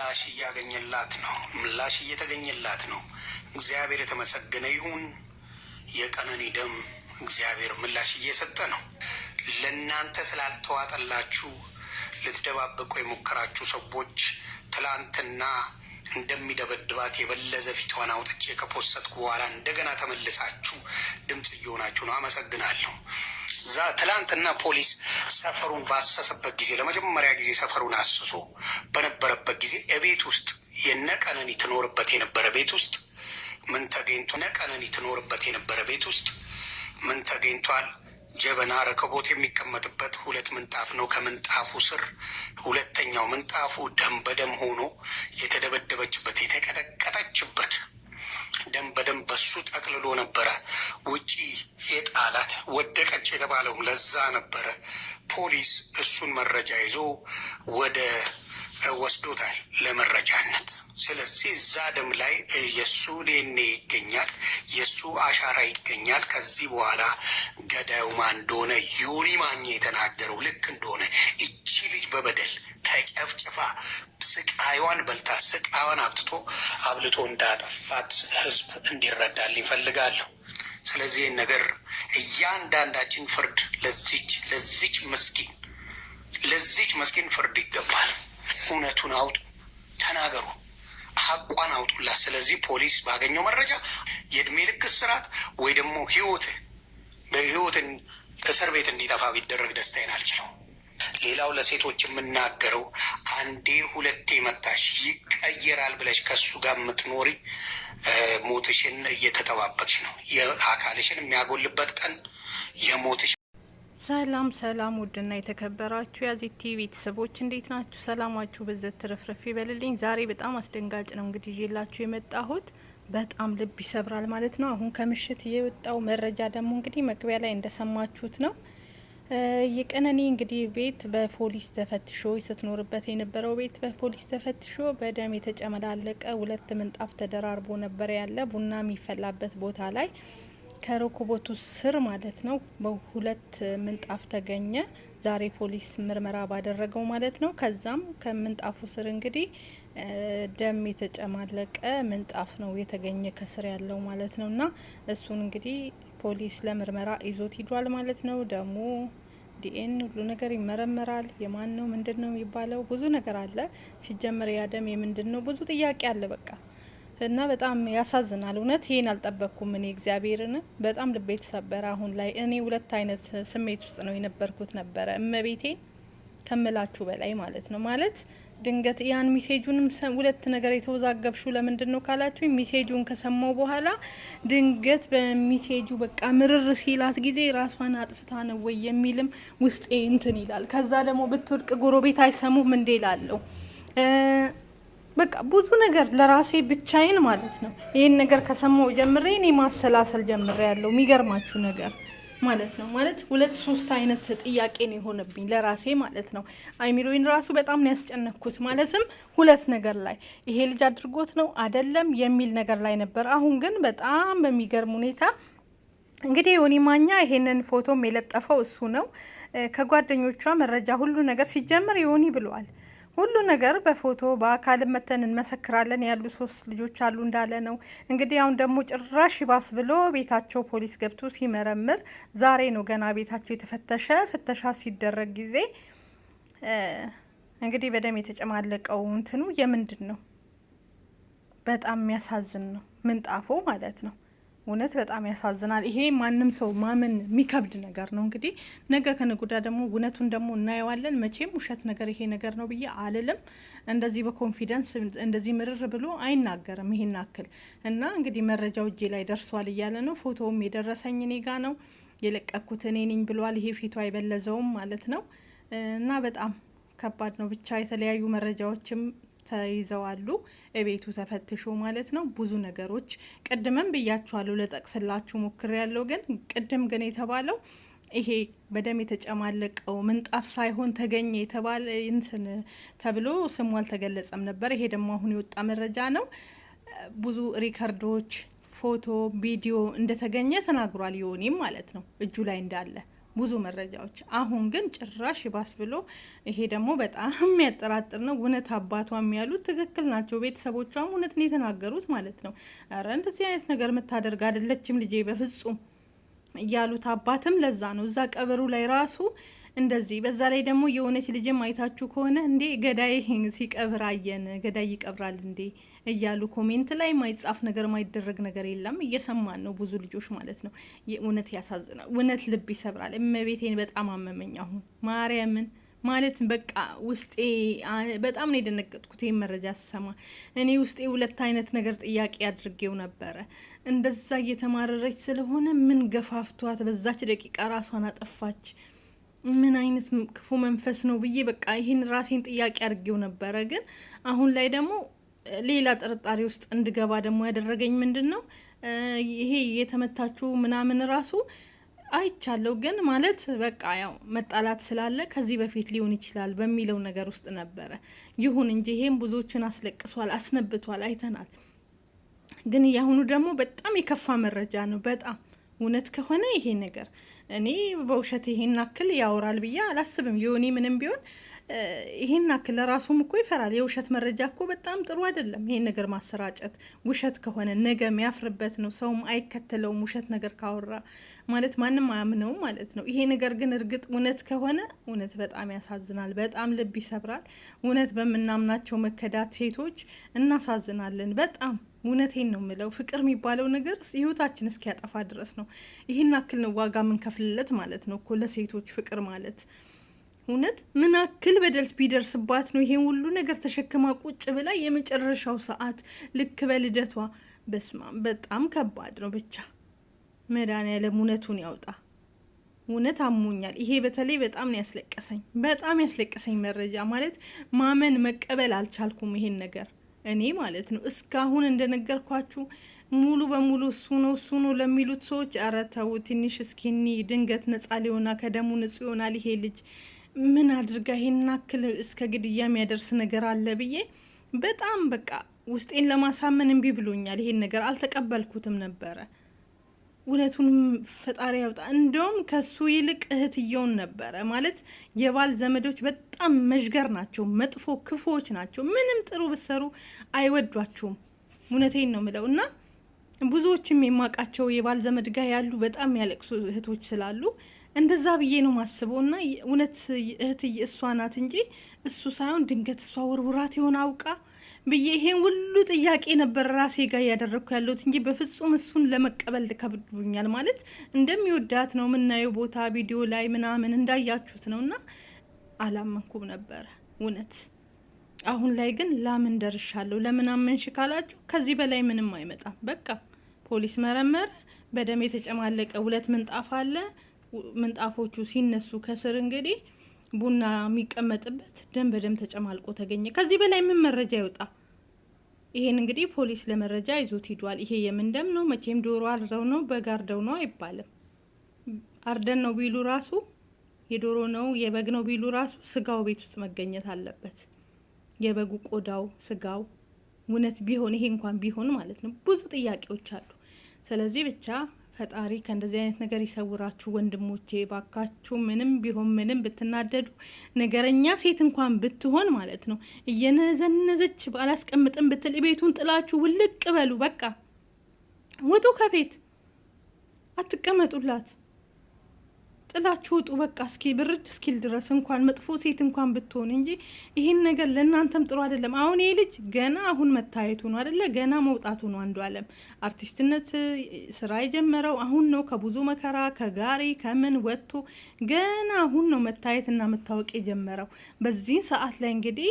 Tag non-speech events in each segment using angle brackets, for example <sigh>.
ምላሽ እያገኘላት ነው። ምላሽ እየተገኘላት ነው። እግዚአብሔር የተመሰገነ ይሁን። የቀነኒ ደም እግዚአብሔር ምላሽ እየሰጠ ነው። ለእናንተ ስላልተዋጠላችሁ ልትደባበቁ የሞከራችሁ ሰዎች ትላንትና እንደሚደበድባት የበለዘ ፊቷን አውጥቼ ከፖሰትኩ በኋላ እንደገና ተመልሳችሁ ድምፅ እየሆናችሁ ነው። አመሰግናለሁ። ትላንትና ፖሊስ ሰፈሩን ባሰሰበት ጊዜ ለመጀመሪያ ጊዜ ሰፈሩን አስሶ በነበረበት ጊዜ እቤት ውስጥ የነቀነኒ ትኖርበት የነበረ ቤት ውስጥ ምን ተገኝቶ ነቀነኒ ትኖርበት የነበረ ቤት ውስጥ ምን ተገኝቷል? ጀበና ረከቦት የሚቀመጥበት ሁለት ምንጣፍ ነው። ከምንጣፉ ስር ሁለተኛው ምንጣፉ ደም በደም ሆኖ የተደበደበችበት የተቀጠቀጠችበት ደም በደም በሱ ጠቅልሎ ነበረ ውጪ የጣላት ወደቀች የተባለውም ለዛ ነበረ። ፖሊስ እሱን መረጃ ይዞ ወደ ወስዶታል ለመረጃነት። ስለዚህ እዛ ደም ላይ የእሱ ዴኔ ይገኛል፣ የእሱ አሻራ ይገኛል። ከዚህ በኋላ ገዳዩ ማን እንደሆነ ዮኒ ማኛ የተናገረው ልክ እንደሆነ እቺ ልጅ በበደል ተጨፍጭፋ ስቃይዋን በልታ ስቃይዋን አብትቶ አብልቶ እንዳጠፋት ህዝብ እንዲረዳል ይፈልጋለሁ። ስለዚህ ነገር እያንዳንዳችን ፍርድ ለዚች ለዚች መስኪን ለዚች መስኪን ፍርድ ይገባል። እውነቱን አውጡ፣ ተናገሩ፣ ሀቋን አውጡላት። ስለዚህ ፖሊስ ባገኘው መረጃ የእድሜ ልክ እስራት ወይ ደግሞ ህይወት በህይወትን እስር ቤት እንዲጠፋ ቢደረግ ደስታዬን አልችለው። ሌላው ለሴቶች የምናገረው አንዴ ሁለቴ መታሽ ይቀየራል ብለሽ ከሱ ጋር የምትኖሪ ሞትሽን እየተጠባበቅሽ ነው። የአካልሽን የሚያጎልበት ቀን የሞትሽ ሰላም ሰላም ውድና የተከበራችሁ ቲቪ ቤተሰቦች እንዴት ናችሁ? ሰላማችሁ በዘት ትረፍረፍ ይበልልኝ። ዛሬ በጣም አስደንጋጭ ነው እንግዲህ ይዤላችሁ የመጣሁት በጣም ልብ ይሰብራል ማለት ነው። አሁን ከምሽት የወጣው መረጃ ደግሞ እንግዲህ መግቢያ ላይ እንደሰማችሁት ነው። የቀነኒ እንግዲህ ቤት በፖሊስ ተፈትሾ ስትኖርበት የነበረው ቤት በፖሊስ ተፈትሾ በደም የተጨመላለቀ ሁለት ምንጣፍ ተደራርቦ ነበር ያለ ቡና የሚፈላበት ቦታ ላይ ከሮኮቦቱ ስር ማለት ነው በሁለት ምንጣፍ ተገኘ። ዛሬ ፖሊስ ምርመራ ባደረገው ማለት ነው። ከዛም ከምንጣፉ ስር እንግዲህ ደም የተጨማለቀ ምንጣፍ ነው የተገኘ ከስር ያለው ማለት ነው እና እሱን እንግዲህ ፖሊስ ለምርመራ ይዞት ሂዷል ማለት ነው። ደሞ ዲኤን ሁሉ ነገር ይመረመራል። የማን ነው ምንድን ነው የሚባለው ብዙ ነገር አለ። ሲጀመር ያ ደም የምንድን ነው ብዙ ጥያቄ አለ በቃ እና በጣም ያሳዝናል። እውነት ይሄን አልጠበቅኩም እኔ እግዚአብሔርን በጣም ልቤ ተሰበረ። አሁን ላይ እኔ ሁለት አይነት ስሜት ውስጥ ነው የነበርኩት ነበረ እመቤቴን ከምላችሁ በላይ ማለት ነው። ማለት ድንገት ያን ሚሴጁንም ሁለት ነገር የተወዛገብሹ ለምንድን ነው ካላችሁ ሚሴጁን ከሰማው በኋላ ድንገት በሚሴጁ በቃ ምርር ሲላት ጊዜ ራሷን አጥፍታ ነው ወይ የሚልም ውስጤ እንትን ይላል። ከዛ ደግሞ ብትወድቅ ጎረቤት አይሰሙም እንዴ ላለው በቃ ብዙ ነገር ለራሴ ብቻዬን ማለት ነው። ይህን ነገር ከሰማው ጀምሬ እኔ ማሰላሰል ጀምሬ ያለው የሚገርማችሁ ነገር ማለት ነው ማለት ሁለት ሶስት አይነት ጥያቄ ነው የሆነብኝ ለራሴ ማለት ነው። አይሚሮይን ራሱ በጣም ነው ያስጨነኩት። ማለትም ሁለት ነገር ላይ ይሄ ልጅ አድርጎት ነው አይደለም የሚል ነገር ላይ ነበር። አሁን ግን በጣም በሚገርም ሁኔታ እንግዲህ ዮኒ ማኛ ይሄንን ፎቶም የለጠፈው እሱ ነው። ከጓደኞቿ መረጃ ሁሉ ነገር ሲጀምር ዮኒ ብለዋል ሁሉ ነገር በፎቶ በአካል መተን እንመሰክራለን ያሉ ሶስት ልጆች አሉ እንዳለ ነው። እንግዲህ አሁን ደግሞ ጭራሽ ይባስ ብሎ ቤታቸው ፖሊስ ገብቶ ሲመረምር ዛሬ ነው ገና ቤታቸው የተፈተሸ። ፍተሻ ሲደረግ ጊዜ እንግዲህ በደም የተጨማለቀው እንትኑ የምንድን ነው? በጣም የሚያሳዝን ነው። ምንጣፎ ማለት ነው። እውነት በጣም ያሳዝናል። ይሄ ማንም ሰው ማመን የሚከብድ ነገር ነው። እንግዲህ ነገ ከነጎዳ ደግሞ እውነቱን ደግሞ እናየዋለን። መቼም ውሸት ነገር ይሄ ነገር ነው ብዬ አልልም። እንደዚህ በኮንፊደንስ እንደዚህ ምርር ብሎ አይናገርም። ይሄን አክል እና እንግዲህ መረጃው እጄ ላይ ደርሷል እያለ ነው። ፎቶውም የደረሰኝ እኔ ጋ ነው የለቀኩት እኔ ነኝ ብሏል። ይሄ ፊቱ አይበለዘውም ማለት ነው እና በጣም ከባድ ነው። ብቻ የተለያዩ መረጃዎችም ተይዘዋሉ። ቤቱ ተፈትሾ ማለት ነው። ብዙ ነገሮች ቅድምም ብያችኋለሁ፣ ለጠቅስላችሁ ሞክር ያለው ግን ቅድም ግን የተባለው ይሄ በደም የተጨማለቀው ምንጣፍ ሳይሆን ተገኘ የተባለ እንትን ተብሎ ስሙ አልተገለጸም ነበር። ይሄ ደግሞ አሁን የወጣ መረጃ ነው። ብዙ ሪከርዶች፣ ፎቶ፣ ቪዲዮ እንደተገኘ ተናግሯል። የሆኔም ማለት ነው እጁ ላይ እንዳለ ብዙ መረጃዎች። አሁን ግን ጭራሽ ይባስ ብሎ ይሄ ደግሞ በጣም <laughs> የሚያጠራጥር ነው። እውነት አባቷም ያሉት ትክክል ናቸው፣ ቤተሰቦቿም እውነት ነው የተናገሩት ማለት ነው። ኧረ እንደዚህ አይነት ነገር የምታደርግ አይደለችም ልጄ በፍጹም እያሉት አባትም ለዛ ነው እዛ ቀበሩ ላይ ራሱ እንደዚህ በዛ ላይ ደግሞ የሆነች ልጅም አይታችሁ ከሆነ እንዴ ገዳይ ሲቀብር አየን። ገዳይ ይቀብራል እንዴ እያሉ ኮሜንት ላይ ማይጻፍ ነገር ማይደረግ ነገር የለም። እየሰማን ነው ብዙ ልጆች ማለት ነው። እውነት ያሳዝናል። እውነት ልብ ይሰብራል። እመቤቴን በጣም አመመኝ አሁን ማርያምን ማለት በቃ ውስጤ በጣም ነው የደነገጥኩት። ይህን መረጃ ስሰማ እኔ ውስጤ ሁለት አይነት ነገር ጥያቄ አድርጌው ነበረ። እንደዛ እየተማረረች ስለሆነ ምን ገፋፍቷት በዛች ደቂቃ ራሷን አጠፋች? ምን አይነት ክፉ መንፈስ ነው ብዬ በቃ ይህን ራሴን ጥያቄ አድርጌው ነበረ። ግን አሁን ላይ ደግሞ ሌላ ጥርጣሬ ውስጥ እንድገባ ደግሞ ያደረገኝ ምንድን ነው ይሄ የተመታችሁ ምናምን ራሱ አይቻለሁ ግን ማለት በቃ ያው መጣላት ስላለ ከዚህ በፊት ሊሆን ይችላል በሚለው ነገር ውስጥ ነበረ። ይሁን እንጂ ይሄም ብዙዎችን አስለቅሷል፣ አስነብቷል፣ አይተናል። ግን የአሁኑ ደግሞ በጣም የከፋ መረጃ ነው። በጣም እውነት ከሆነ ይሄ ነገር እኔ በውሸት ይሄን ናክል ያወራል ብዬ አላስብም። የሆኔ ምንም ቢሆን ይህን አክል ለራሱም እኮ ይፈራል። የውሸት መረጃ እኮ በጣም ጥሩ አይደለም። ይሄን ነገር ማሰራጨት ውሸት ከሆነ ነገ የሚያፍርበት ነው። ሰውም አይከተለውም ውሸት ነገር ካወራ ማለት ማንም አያምነውም ማለት ነው። ይሄ ነገር ግን እርግጥ እውነት ከሆነ እውነት በጣም ያሳዝናል፣ በጣም ልብ ይሰብራል። እውነት በምናምናቸው መከዳት ሴቶች እናሳዝናለን በጣም እውነቴን ነው የምለው። ፍቅር የሚባለው ነገር ህይወታችን እስኪያጠፋ ድረስ ነው። ይህን አክል ነው ዋጋ ምንከፍልለት ማለት ነው እኮ ለሴቶች ፍቅር ማለት እውነት ምን አክል በደልስ ቢደርስባት ነው ይሄን ሁሉ ነገር ተሸክማ ቁጭ ብላ የመጨረሻው ሰዓት ልክ በልደቷ። በስማ በጣም ከባድ ነው። ብቻ መድኃኒዓለም እውነቱን ያውጣ። እውነት አሞኛል። ይሄ በተለይ በጣም ነው ያስለቀሰኝ፣ በጣም ያስለቀሰኝ መረጃ ማለት ማመን መቀበል አልቻልኩም። ይሄን ነገር እኔ ማለት ነው እስካሁን እንደነገርኳችሁ ሙሉ በሙሉ እሱ ነው እሱ ነው ለሚሉት ሰዎች ኧረ ተው ትንሽ እስኪኒ ድንገት ነጻ ሊሆና ከደሙ ንጹህ ይሆናል ይሄ ልጅ ምን አድርጋ ይሄን አክል እስከ ግድያ የሚያደርስ ነገር አለ ብዬ በጣም በቃ ውስጤን ለማሳመን እምቢ ብሎኛል። ይሄን ነገር አልተቀበልኩትም ነበረ። እውነቱንም ፈጣሪ ያውጣ። እንደውም ከሱ ይልቅ እህትየውን ነበረ ማለት የባል ዘመዶች በጣም መዥገር ናቸው፣ መጥፎ ክፉዎች ናቸው። ምንም ጥሩ ብሰሩ አይወዷችሁም። እውነቴን ነው ምለው እና ብዙዎችም የማውቃቸው የባል ዘመድ ጋር ያሉ በጣም ያለቅሱ እህቶች ስላሉ እንደዛ ብዬ ነው ማስበው። እና እውነት እህትዬ እሷ ናት እንጂ እሱ ሳይሆን ድንገት እሷ ውርውራት የሆነ አውቃ ብዬ ይሄን ሁሉ ጥያቄ ነበር ራሴ ጋር እያደረግኩ ያለሁት እንጂ በፍጹም እሱን ለመቀበል ከብዱኛል። ማለት እንደሚወዳት ነው የምናየው ቦታ ቪዲዮ ላይ ምናምን እንዳያችሁት ነው እና አላመንኩም ነበረ እውነት። አሁን ላይ ግን ላምን ደርሻለሁ። ለምን አመንሽ ካላችሁ ከዚህ በላይ ምንም አይመጣም። በቃ ፖሊስ መረመር በደም የተጨማለቀ ሁለት ምንጣፍ አለ። ምንጣፎቹ ሲነሱ ከስር እንግዲህ ቡና የሚቀመጥበት ደም በደም ተጨማልቆ ተገኘ። ከዚህ በላይ ምን መረጃ ይወጣ? ይሄን እንግዲህ ፖሊስ ለመረጃ ይዞት ሂዷል። ይሄ የምን ደም ነው? መቼም ዶሮ አርደው ነው በግ አርደው ነው አይባልም። አርደን ነው ቢሉ ራሱ የዶሮ ነው የበግ ነው ቢሉ ራሱ ስጋው ቤት ውስጥ መገኘት አለበት። የበጉ ቆዳው፣ ስጋው እውነት ቢሆን ይሄ እንኳን ቢሆን ማለት ነው ብዙ ጥያቄዎች አሉ። ስለዚህ ብቻ ፈጣሪ ከእንደዚህ አይነት ነገር ይሰውራችሁ ወንድሞቼ፣ ባካችሁ። ምንም ቢሆን ምንም ብትናደዱ ነገረኛ ሴት እንኳን ብትሆን ማለት ነው እየነዘነዘች ባላስቀምጥም ብትል ቤቱን ጥላችሁ ውልቅ በሉ። በቃ ውጡ ከቤት አትቀመጡላት። ጥላችሁ ውጡ። በቃ እስኪ ብርድ እስኪል ድረስ እንኳን መጥፎ ሴት እንኳን ብትሆን እንጂ ይህን ነገር ለእናንተም ጥሩ አይደለም። አሁን ይህ ልጅ ገና አሁን መታየቱ ነው አደለ? ገና መውጣቱ ነው። አንዱ አለም አርቲስትነት ስራ የጀመረው አሁን ነው። ከብዙ መከራ ከጋሪ ከምን ወጥቶ ገና አሁን ነው መታየትና መታወቅ የጀመረው። በዚህ ሰዓት ላይ እንግዲህ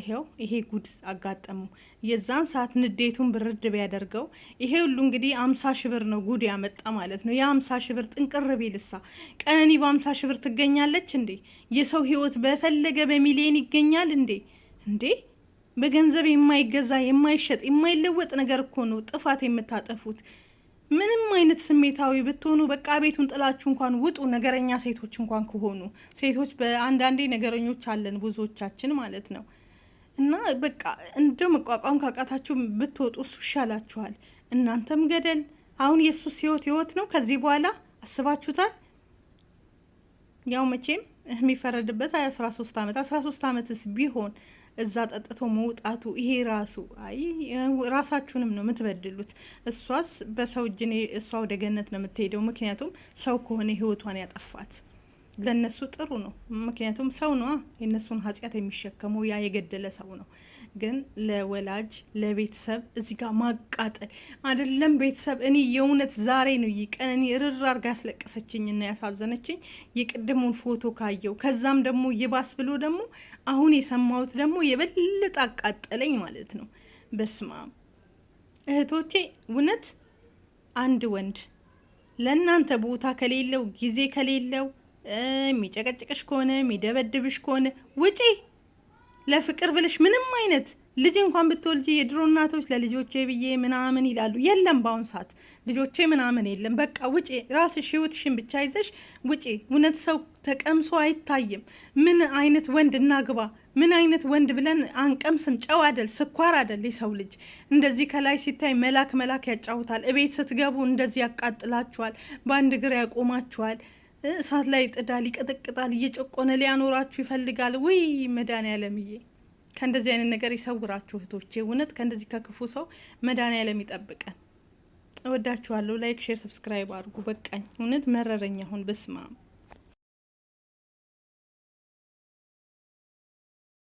ይሄው ይሄ ጉድ አጋጠሙ። የዛን ሰዓት ንዴቱን ብርድ ቢያደርገው ይሄ ሁሉ እንግዲህ አምሳ ሽብር ብር ነው ጉድ ያመጣ ማለት ነው። የአምሳ ሺህ ብር ጥንቅር ቢልሳ ቀነኒ በአምሳ ሽብር ብር ትገኛለች እንዴ? የሰው ህይወት በፈለገ በሚሊየን ይገኛል እንዴ? እንዴ በገንዘብ የማይገዛ የማይሸጥ የማይለወጥ ነገር እኮ ነው ጥፋት የምታጠፉት። ምንም አይነት ስሜታዊ ብትሆኑ በቃ ቤቱን ጥላችሁ እንኳን ውጡ። ነገረኛ ሴቶች እንኳን ከሆኑ ሴቶች በአንዳንዴ ነገረኞች አለን ብዙዎቻችን ማለት ነው። እና በቃ እንደ መቋቋም ካቃታችሁ ብትወጡ እሱ ይሻላችኋል። እናንተም ገደል። አሁን የእሱስ ህይወት ህይወት ነው ከዚህ በኋላ አስባችሁታል። ያው መቼም የሚፈረድበት አይ አስራ ሶስት አመት አስራ ሶስት አመትስ ቢሆን እዛ ጠጥቶ መውጣቱ ይሄ ራሱ አይ ራሳችሁንም ነው የምትበድሉት። እሷስ በሰው እጅ እሷ ወደ ገነት ነው የምትሄደው። ምክንያቱም ሰው ከሆነ ህይወቷን ያጠፋት ለነሱ ጥሩ ነው። ምክንያቱም ሰው ነው የእነሱን ኃጢአት የሚሸከመው ያ የገደለ ሰው ነው። ግን ለወላጅ ለቤተሰብ እዚህ ጋር ማቃጠል አይደለም ቤተሰብ። እኔ የእውነት ዛሬ ነው ይቀን እኔ እርር አርጋ ያስለቀሰችኝ እና ያሳዘነችኝ የቅድሙን ፎቶ ካየው፣ ከዛም ደግሞ ይባስ ብሎ ደግሞ አሁን የሰማሁት ደግሞ የበለጠ አቃጠለኝ ማለት ነው። በስማ እህቶቼ እውነት አንድ ወንድ ለእናንተ ቦታ ከሌለው ጊዜ ከሌለው የሚጨቀጭቅሽ ከሆነ የሚደበድብሽ ከሆነ ውጪ። ለፍቅር ብለሽ ምንም አይነት ልጅ እንኳን ብትወልጂ የድሮ እናቶች ለልጆቼ ብዬ ምናምን ይላሉ። የለም በአሁኑ ሰዓት ልጆቼ ምናምን የለም። በቃ ውጪ፣ ራስሽ ህይወትሽን ብቻ ይዘሽ ውጪ። እውነት ሰው ተቀምሶ አይታይም። ምን አይነት ወንድ እናግባ፣ ምን አይነት ወንድ ብለን አንቀምስም። ጨው አደል፣ ስኳር አደል። የሰው ልጅ እንደዚህ ከላይ ሲታይ መላክ መላክ ያጫውታል። እቤት ስትገቡ እንደዚህ ያቃጥላችኋል፣ በአንድ እግር ያቆማችኋል። እሳት ላይ ጥዳል፣ ይቀጠቅጣል፣ እየጨቆነ ሊያኖራችሁ ይፈልጋል። ውይ መድኃኒዓለምዬ ከእንደዚህ አይነት ነገር ይሰውራችሁ እህቶቼ። እውነት ከእንደዚህ ከክፉ ሰው መድኃኒዓለም ይጠብቀን። እወዳችኋለሁ። ላይክ፣ ሼር፣ ሰብስክራይብ አድርጉ። በቃኝ። እውነት መረረኛ አሁን በስማም